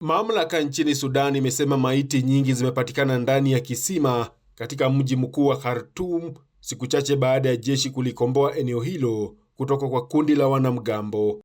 Mamlaka nchini Sudan imesema maiti nyingi zimepatikana ndani ya kisima katika mji mkuu wa Khartoum siku chache baada ya jeshi kulikomboa eneo hilo kutoka kwa kundi la wanamgambo.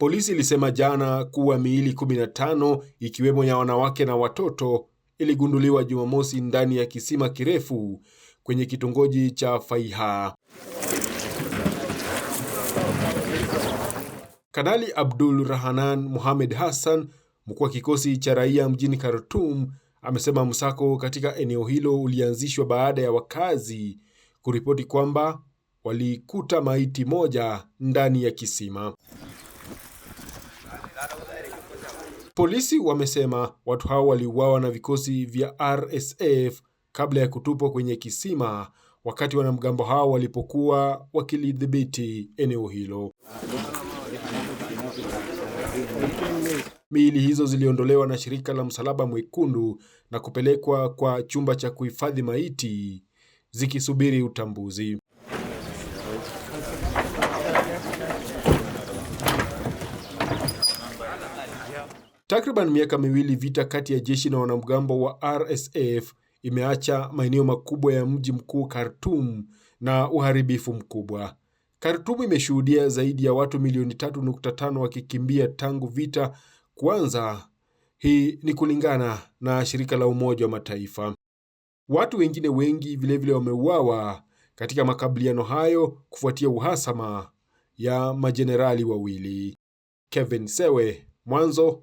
Polisi ilisema jana kuwa miili 15 ikiwemo ya wanawake na watoto iligunduliwa Jumamosi ndani ya kisima kirefu kwenye kitongoji cha Faiha. Kanali Abdul Rahanan Mohamed Hassan, mkuu wa kikosi cha raia mjini Khartoum, amesema msako katika eneo hilo ulianzishwa baada ya wakazi kuripoti kwamba walikuta maiti moja ndani ya kisima. Polisi wamesema watu hao waliuawa na vikosi vya RSF kabla ya kutupwa kwenye kisima wakati wanamgambo hao walipokuwa wakilidhibiti eneo hilo. Miili hizo ziliondolewa na shirika la Msalaba Mwekundu na kupelekwa kwa chumba cha kuhifadhi maiti zikisubiri utambuzi. Takriban miaka miwili vita kati ya jeshi na wanamgambo wa RSF imeacha maeneo makubwa ya mji mkuu Khartoum na uharibifu mkubwa. Khartoum imeshuhudia zaidi ya watu milioni 3.5 wakikimbia tangu vita kuanza. Hii ni kulingana na shirika la Umoja wa Mataifa. Watu wengine wengi vilevile wameuawa katika makabiliano hayo kufuatia uhasama ya majenerali wawili. Kevin Sewe, Mwanzo